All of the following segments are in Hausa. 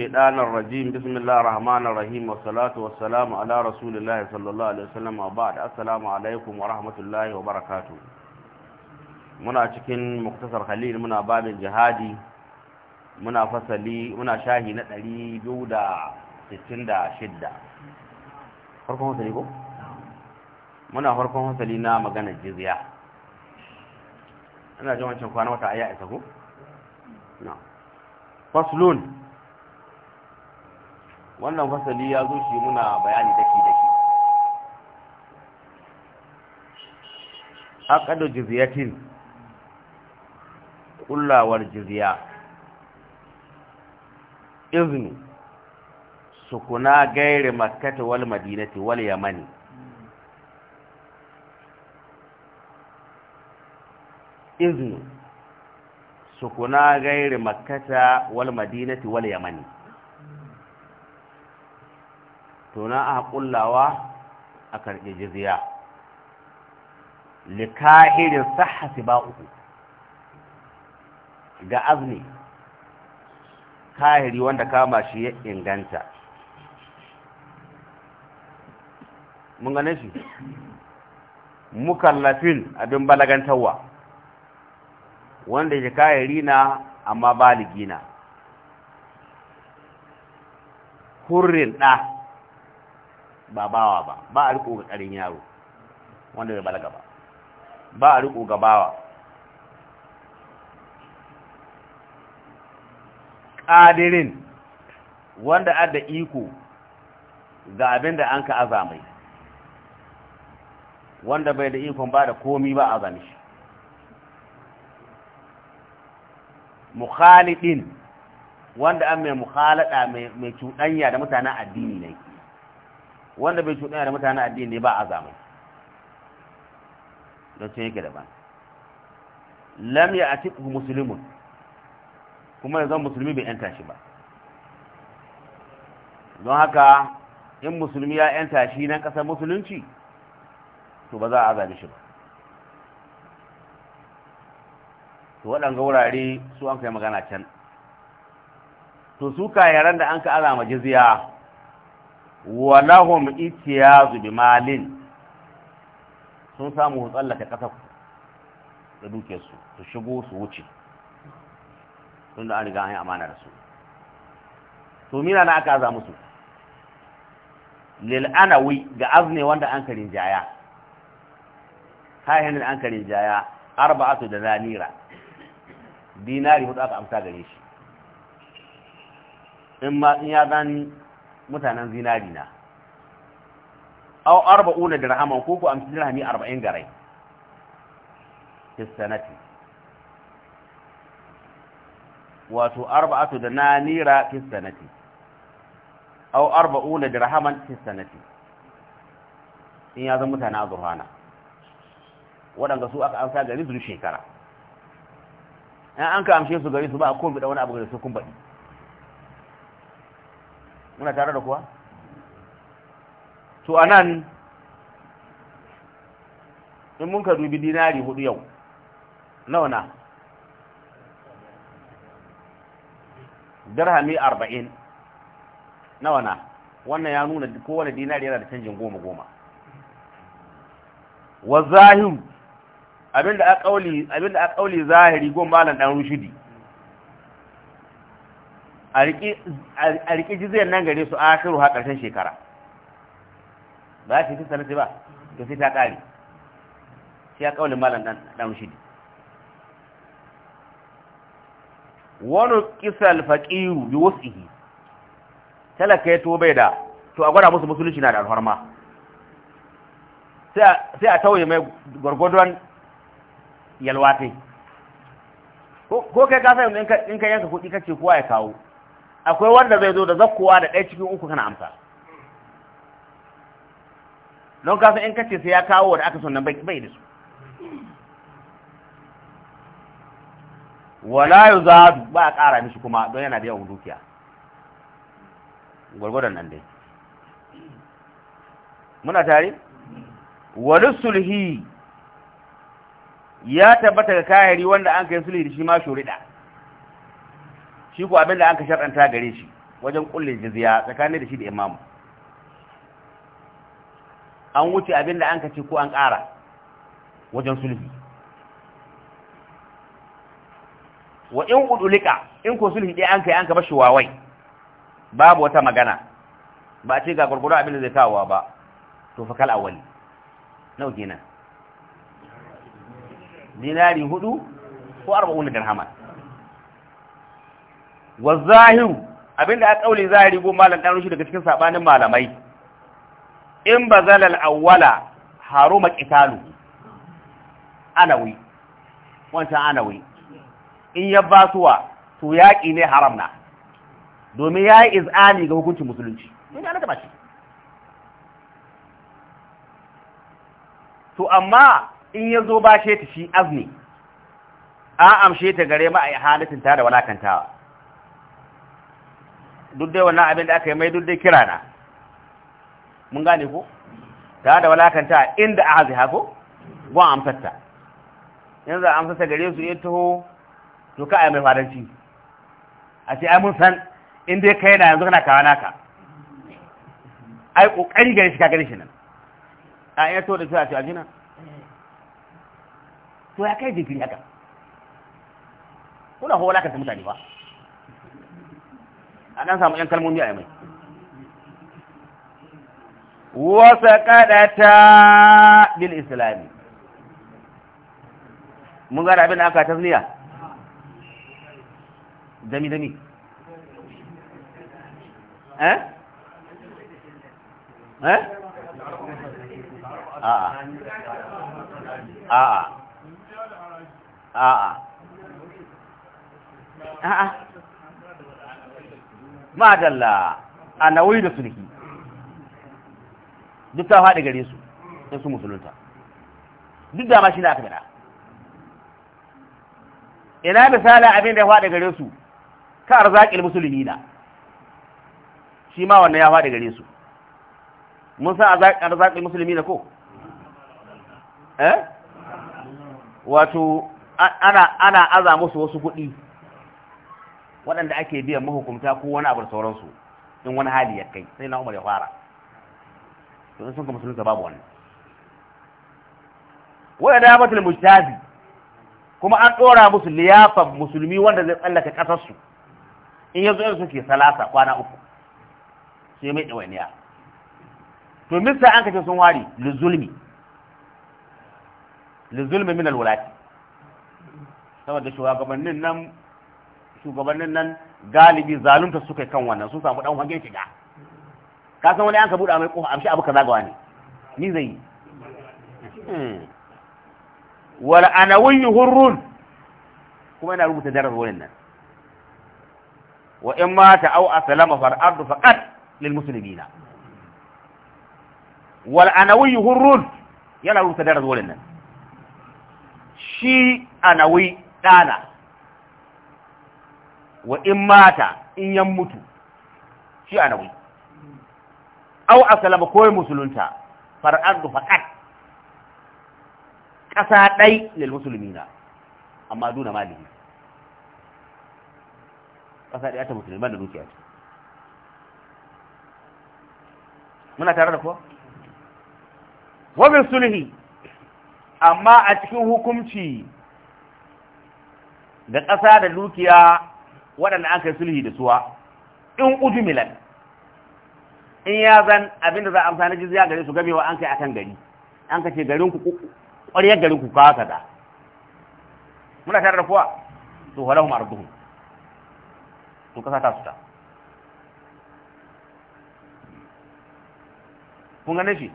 الشيطان الرجيم بسم الله الرحمن الرحيم والصلاة والسلام على رسول الله صلى الله عليه وسلم وبعد السلام عليكم ورحمة الله وبركاته منا cikin muktasar khalil muna babin jihadi muna fasali muna shahi na 266 farkon fasali ko muna farkon fasali na magana jizya ana jin wancan kwana wata aya isa ko faslun wannan fasali ya zo shi muna bayani daki daki aqadu jizyatin kullawar jizya iznu sukuna gairi makkata wal madinati wal yamani iznu sukuna gairi makkata wal madinati wal yamani to na aka kullawa a karɓi jiziya likahirin sahasi ba uku ga azumi kahiri wanda kama shi ya inganta mun gane shi mukallafin abin balagantarwa wanda ya kahiri na amma baligina hurrin ɗa ba bawa ba ba a riko ga karin yaro wanda bai balaga ba ba a riko ga bawa ƙadirin wanda adda iko ga abin da an ka azamai wanda bai da ikon ba da komi ba azami shi mukhalidin wanda an mai mukhalada mai cuɗanya da mutanen addini wanda bai cuɗanya da mutane addini ba a zamani don cin yake daban lam ya ati musulmin kuma ya zama musulmi bai yanta shi ba don haka in musulmi ya yanta shi nan ƙasar musulunci to ba za a azabi shi ba to waɗanga wurare su an kai magana can to su kayaran da an ka azama jizya wa lahum itiyazu bi malin sun samu tsallaka kasa da duke su su shigo su wuce sun da an riga an yi amana da su to mina na aka aza musu lil anawi ga azne wanda an karin jaya kayan an karin jaya arba'atu da zanira dinari hudu aka amsa gare shi in ma in ya zani mutanen zinari na aw arba'una dirhaman ko ku amsa dirhami 40 garai fi sanati wato arba'atu da nanira fi sanati aw arba'una dirhaman rahaman sanati in ya zama mutane a zurhana waɗanda su aka amsa gari su shekara in an ka amshe su gari su ba a kun da wani abu da su kun baɗi muna tare da kuwa to anan in mun ka dubi dinari hudu yau nawa na dirhami arba'in nawa na wannan ya nuna kowane dinari yana da canjin goma goma wa zahiru abinda a kauli abinda a kauli zahiri goma malan dan rushidi a riƙi jiziyar nan gare su a shiru ha ƙarshen shekara ba shi fi sanarci ba to sai ta ƙari shi ya ƙaunin malar ɗan shidi wani kisal faƙiru yi wasu ihi talaka ya to bai da to a gwada musu musulunci na da ma sai a tauye mai gwargwadon yalwatai ko kai ka sa in ka yanka kuɗi kace kowa ya kawo akwai wanda zai zo da zakkowa da ɗaya cikin uku kana amsa don kasu in kace sai ya kawo da aka sunan nan bai da su wala yu zadu ba a ƙara mishi kuma don yana da yawan dukiya gwargwadon nan dai muna tare wani sulhi ya tabbata ga kayari wanda an kai sulhi da shi ma shurida shi ko abin da an ka shar'anta gare shi wajen kullin jizya tsakanin da shi da imamu an wuce abin da an ka ce ko an ƙara wajen sulhi wa in udulika in ko sulhi dai an kai an ka bashi wawai babu wata magana ba a ce ga gurgurun abin da zai kawowa ba to fa kal awali nau kenan dinari hudu ko arba'un dirhama wa zahiru abinda a kauli zahiri ko malam dan rushi daga cikin sabanin malamai in bazal al-awwala haruma qitalu anawi wancan anawi in ya basuwa to yaƙi ne haramna. domin ya yi iz'ani ga hukuncin musulunci in naka ba shi to amma in ya zo ba shi ta shi azni a amshe ta gare ma a halatin ta da walakantawa duk dai wannan abin da aka yi mai duk dai kira na mun gane ko ta da walakanta inda a hazi hako gwan amsarta yanzu a amsarta gare su ya taho to ka a mai faranci a ce ai mun san inda ya kai na yanzu kana kawo naka ai kokari gare shi ka gare shi nan a iya to da su a ce a jina to ya kai jinkiri haka kuna ho walakanta mutane ba a ɗan samu ‘yan kalmomi a mai wasa ƙadata bil islami mun gara abin da aka tasniya dami-dami eh? eh? a'a a'a a'a a'a madalla a nawi da sulhi duk ta faɗi gare su sai su musulunta duk dama shi na aka gada ina misali abin da ya faɗi gare su ka arzakil musulmi na shi ma wannan ya faɗi gare su mun san arzakil musulmi na ko eh wato ana ana aza musu wasu kuɗi waɗanda ake biyan mahukunta ko wani abu da sauransu in wani hali ya kai sai na umar ya fara to in sun ka musulunta babu wannan waya da batul mujtazi kuma an dora musu liyafan musulmi wanda zai tsallaka kasar su in yanzu yanzu suke salasa kwana uku sai mai dawainiya to mista an kace sun wari li zulmi li zulmi min al-wulati saboda shugabannin nan shugabannin nan galibi zalunta suka kan wannan sun samu dan hange shiga ka san wani an ka buɗa mai kofa amshi abu kaza ga wani ni zai yi hmm. wal anawiyyu hurrun kuma yana rubuta darar wurin nan wa in ta au aslama fal ardu faqat lil muslimina wal anawiyyu hurrun yana rubuta darar wurin nan shi anawi dana wa in mata in yan mutu shi a nawi au asalama ko musulunta far'adu faqat ƙasa ɗai lil musulmina amma duna malihi ƙasa ɗaya ta musulman da dukiya ce muna tare da kuwa wabin sulhi amma a cikin hukunci da ƙasa da dukiya waɗanda an kai sulhi da suwa in milan in ya zan abinda za a amsa na jizya gare su gamewa an kai akan gari an kace garin ku ƙwariyar garin ku kawa kaza muna tare da kuwa to halahum arduhum to kasa ta su ta kun gane shi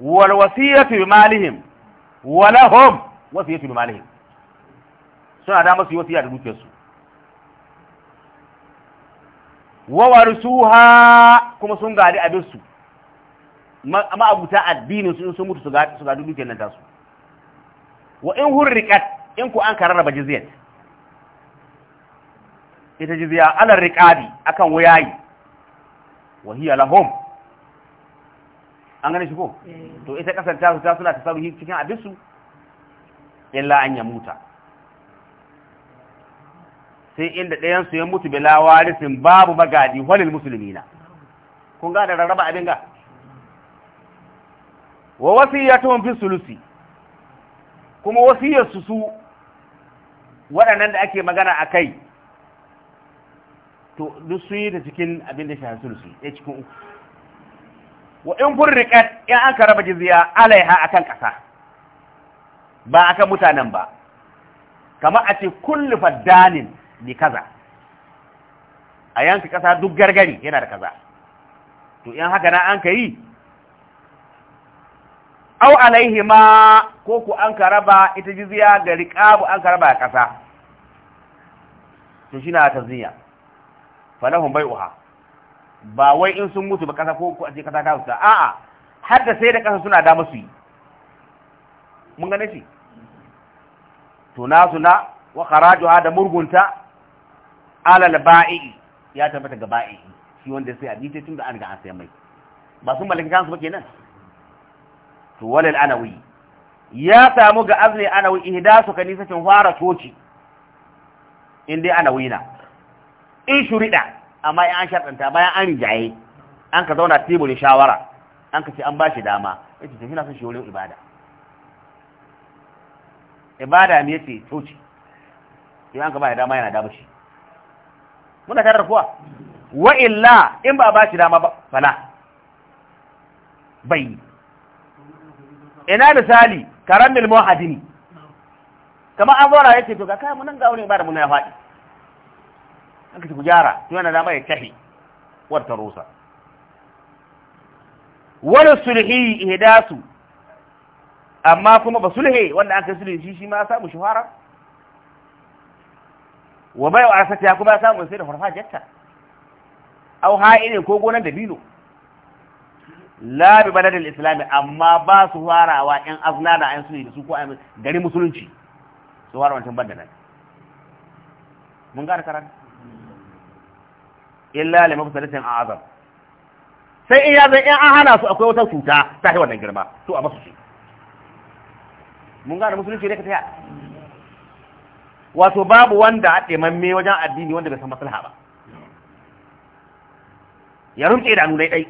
wal wasiyatu bi malihim wa lahum wasiyatu bi malihim suna da masu wasiya da dukiyar su ha kuma sun gadi abin su amma abuta addinin sun mutu su gadi dukiyar nan tasu wa in hurriqat in ku an kararraba jiziyar ita jizya ala riqabi akan wayayi wa hiya lahum an gane shi ko eh. to ita kasar ta suna sauri cikin abin su illa an muta. sai inda ɗayan su ya mutu bila warisin babu magadi walil musulmina kun ga da rarraba abin ga wa wasiyatuhum fi sulusi kuma wasiyarsu su waɗannan da ake magana a kai to duk sun yi da cikin abin da shahararsu da ya cikin uku wa in furriƙat ya an ka raba jizya alaiha a kan ƙasa ba a kan mutanen ba kama a ce kullu faddanin bi kaza a yanki kasa duk gargari yana da kaza to in haka na an ka yi au alaihi ma ko ku an ka raba ita jizya ga riqabu an ka raba a kasa to shi na tazniya falahun bai uha ba wai in sun mutu ba kasa ko ku aje kasa ƙasa ta a a'a har da sai da kasa suna da musu yi mun gane shi to na suna wa kharajuha da murgunta alal ba'i ya tabbata ga ba'i shi wanda sai abinci tun da an ga an sai mai ba sun mallaki kansu ba kenan to walal anawi ya samu ga azli anawi ihdasu cin fara toci in dai anawi na in shurida amma in an shartanta bayan an rijaye an ka zauna teburin shawara an ka ce an bashi dama yace tafi na son shi wurin ibada ibada ne yace toci sai an ka ba dama yana dama shi muna tare da kuwa wa illa in ba ba shi dama ba fala bai ina misali karamil muhadini kamar an zauna yake to ga kai mun ga wani ba da mun ya faɗi an kace ku gyara to yana dama ya tahi wata rusa wani sulhi ihdasu amma kuma ba sulhe wanda aka sulhi shi shi ma samu shuhara wa bai wa arsata ya kuma samun sai da jatta? au ha'ini ko gonar dabino la bi baladil islam amma ba su farawa yan azna da yan sunni da su ko ayyuka gari musulunci su fara wancan banda nan mun ga karatu illa li mafsadatin azam sai in ya zai in an hana su akwai wata cuta ta yi wannan girma to a masu shi mun ga musulunci ne ka taya wato babu wanda a mamme wajen addini wanda bai san maslaha ba ya rumce da nuna ɗai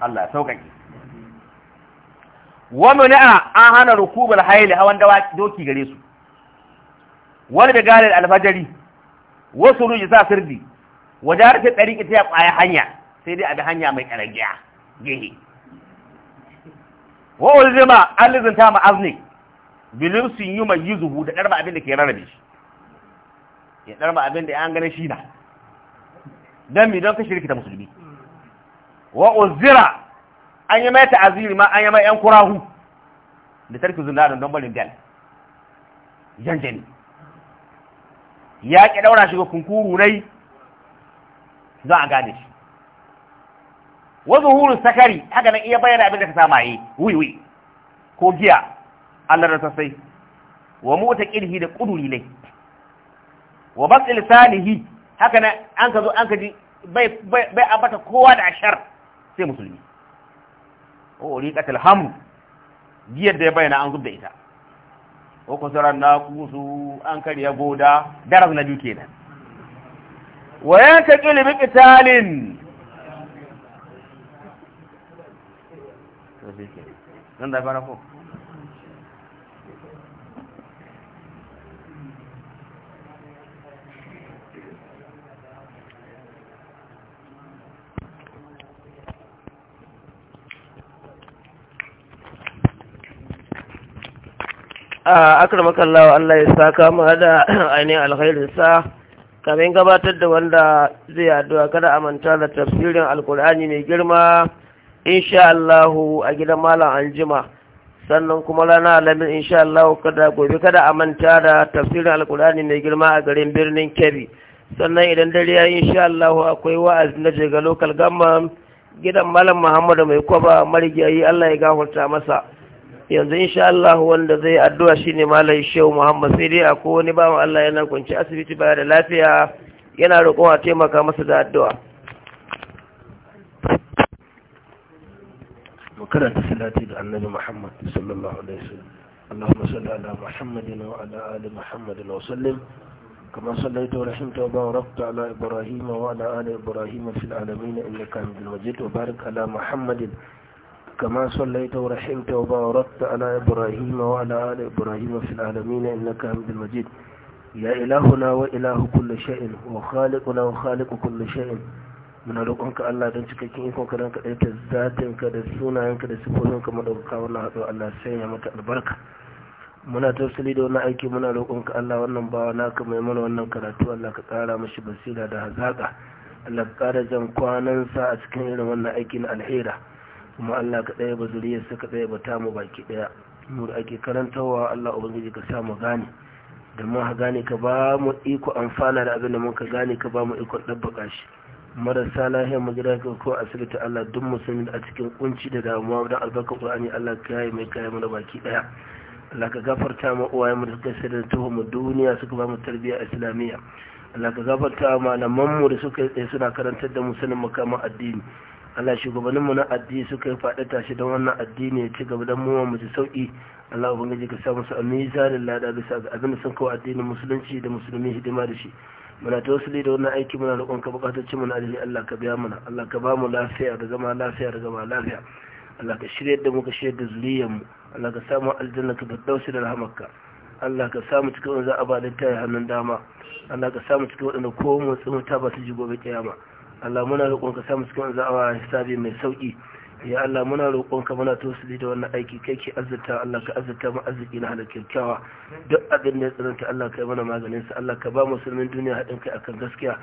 Allah sauƙaƙi wani a an hana rukubar haili hawan doki gare su wani da galar alfajari wasu ruji sa sirdi wajen harfe ɗari ita ya ƙwaya hanya sai dai abi hanya mai ƙaragiya gehe wa ulzima an lizinta ma azni sun yi mai yuzuhu da ɗarma abin da ke rarrabe shi ya ɗarma abin da an gane shi na don mi don ka shirki ta musulmi wa uzira an yi mai ta'aziri ma an yi mai yan kurahu da tarki zundarin don barin gal jani ya ki ɗaura shi ga kunkuru rai don a gane shi wa zuhuru sakari haka nan iya bayyana abin da ka sama yi wiwi ko giya Allah da sai wa kirhi da kuduri ne wa batsil salihi haka nan an ka zo an ka ji bai bai abata kowa da ashar sai musulmi o riqatul hamu giyar da ya bayyana an zubda ita o kusuran na kusu an karya goda daraz na duke nan. wa yanka kilimin qitalin to shi nan da ko Allah ya saka mu hada ainihin alkhairin sa kamin gabatar da wanda zai addu'a kada a manta da tafsirin alkur'ani mai girma insha Allahu a gidan malam anjima sannan kuma rana alamin insha Allahu kada gobe kada a manta da tafsirin alkurani mai girma a garin birnin Kebbi sannan idan dare ya insha Allahu akwai wa'azi na daga lokal government gidan malam Muhammadu mai kwaba marigayi Allah ya gafarta masa yanzu insha Allah wanda zai addu'a shine Malam Shehu Muhammad sai dai akwai wani bawan Allah yana kunci asibiti baya da lafiya yana roƙon a taimaka masa da addu'a karanta salati ga annabi Muhammad sallallahu alaihi wasallam اللهم صل على محمد وعلى آل محمد وسلم كما صليت ورحمت وباركت على إبراهيم وعلى آل إبراهيم في العالمين إنك حميد مجيد وبارك على محمد كما صليت ورحمت وباركت على إبراهيم وعلى آل إبراهيم في العالمين إنك حميد مجيد يا إلهنا وإله كل شيء وخالقنا وخالق كل شيء muna roƙonka Allah don cikakken ikon ka don ka zata zatinka da sunayenka da sifofinka maɗaukaka wannan haɗu Allah ya mata albarka muna tausali da wannan aiki muna roƙonka Allah wannan bawa naka mai mana wannan karatu Allah ka ƙara mashi basira da hazaka. Allah ka ƙara jan sa a cikin irin wannan aiki na alhera kuma Allah ka ɗaya ba zuriyarsa ka ɗaya ba tamu baki ɗaya mu da ake karantarwa Allah ubangiji ka sa mu gane da mu gane ka ba mu iko amfana da abin da ka gane ka ba mu iko ɗabbaka shi marasa lahiyar magana ka ko asibiti Allah duk musulmi a cikin kunci da damuwa don albarkar Qur'ani Allah ka yi mai kayan mana baki daya Allah ka gafarta ma uwaye mu da suka sai da duniya suka ba mu tarbiyya islamiyya Allah ka gafarta ma malaman mu da suka tsaye suna karantar da mu sanin makaman addini Allah shugabannin mu na addini suka yi faɗa tashi don wannan addini ya ci gaba don mu mu ji sauki Allah ubangiji ka sa musu a mizanin lada bisa ga abin da sun kawo addinin musulunci da musulmi hidima da shi muna ta wasu da wannan aiki muna da ka bukatacci muna da Allah ka biya muna Allah ka ba mu lafiya da zama lafiya da zama lafiya Allah ka shirya da muka shirya da zuriyar mu Allah ka samu aljanna ka dausi da rahamarka Allah ka samu cikin wanzu za a ba da yi hannun dama Allah ka samu cikin wanda ko mu tsumu ta ba su ji gobe kiyama Allah muna da ka samu cikin wanzu za a ba hisabi mai sauki ya Allah muna roƙonka muna tosili da wannan aiki kai ke azurta Allah ka azurta mu arziki na halar kyakkyawa duk abin da ya tsananta Allah kai mana maganin sa Allah ka ba musulmin duniya haɗin kai akan gaskiya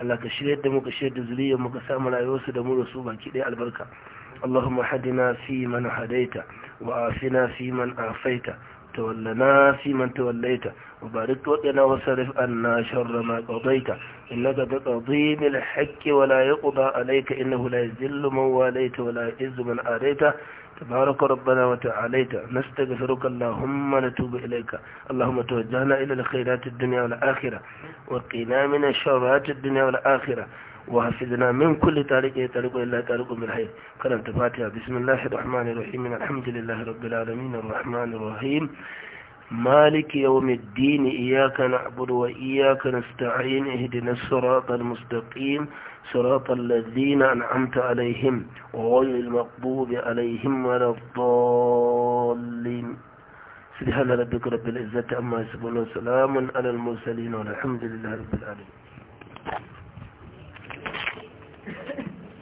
Allah ka shirya da mu ka shirya da zuriyar mu ka sa mu rayuwarsu da mu da su baki ɗaya albarka اللهم حدنا في من هديت وعافنا في من عافيت تولنا في من توليت وبارك وقنا وصرف عنا شر ما قضيت إنك بتقضي بالحق ولا يقضى عليك إنه لا يذل من واليت ولا يعز من آليت تبارك ربنا وتعاليت نستغفرك اللهم نتوب إليك اللهم توجهنا إلى الخيرات الدنيا والآخرة وقنا من الشرات الدنيا والآخرة وحفظنا من كل طريق طريق إلا طريق بالخير قرأت فاتحة بسم الله الرحمن الرحيم الحمد لله رب العالمين الرحمن الرحيم مالك يوم الدين إياك نعبد وإياك نستعين اهدنا الصراط المستقيم صراط الذين أنعمت عليهم وغير المقبوب عليهم ولا الضالين سبحان ربك رب العزة أما يسبون وسلام على المرسلين والحمد لله رب العالمين